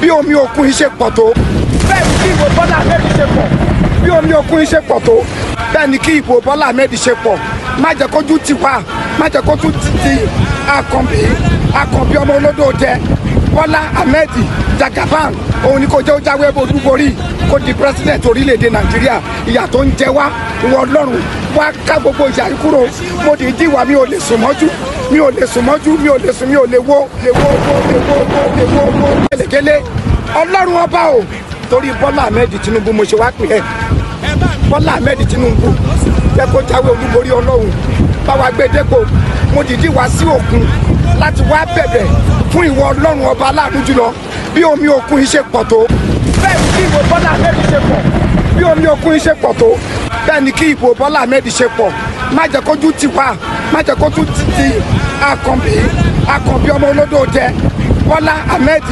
bí omi òkun iṣẹ́ pọ̀ tó bẹ́ẹ̀ ni kí ìbò Bọ́lá Ahmed ṣe pọ̀ bí omi òkun iṣẹ́ pọ̀ tó bẹ́ẹ̀ ni kí ìbò Bọ́lá Ahmed ṣe pọ̀ má jẹ́ kójú ti wá má jẹ́ kójú ti ti Àkànbí Àkànbí ọmọ olódò jẹ Bọ́lá Ahmed Jagaban òun ni kò jẹ́ ó jáwé olúborí kó di president orílẹ̀-èdè Nàìjíríà ìyà tó ń jẹ wá ìwọ Ọlọ́run wá ká gbogbo ìyà kúrò mo dì í dìwà mi ò lè sùn mọ́jú mi ò lè sùn mọ́jú mi ò lè sùn mi ò lè wo lè wo wo lè wo wo lè wo wo gẹ́lẹ́gẹ́lẹ́ ọlọ́run ọba o torí bọ́lá ahmed tinubu mo ṣe wá pè é bọ́lá ahmed tinubu jẹ́ kó jáwé olúborí ọlọ́run báwa gbé dépò mo dìdí wá sí òkun láti wá bẹ̀bẹ̀ fún ìwọ ọlọ́run ọba aláàánú jùlọ bí omi òkun yìí ṣe pọ̀ tó bẹ́ẹ̀ ni kí ìwọ bọ́lá ahmed ṣe pọ̀ bí omi òkun yìí pọ̀ tó bẹ́ẹ̀ ni kí ìwọ bọ́lá ahmed ṣe pọ̀ má jẹ́ kójú tì má jẹ́ kó tún ti di akànbí akànbí ọmọ olódò jẹ bọ́lá ahmed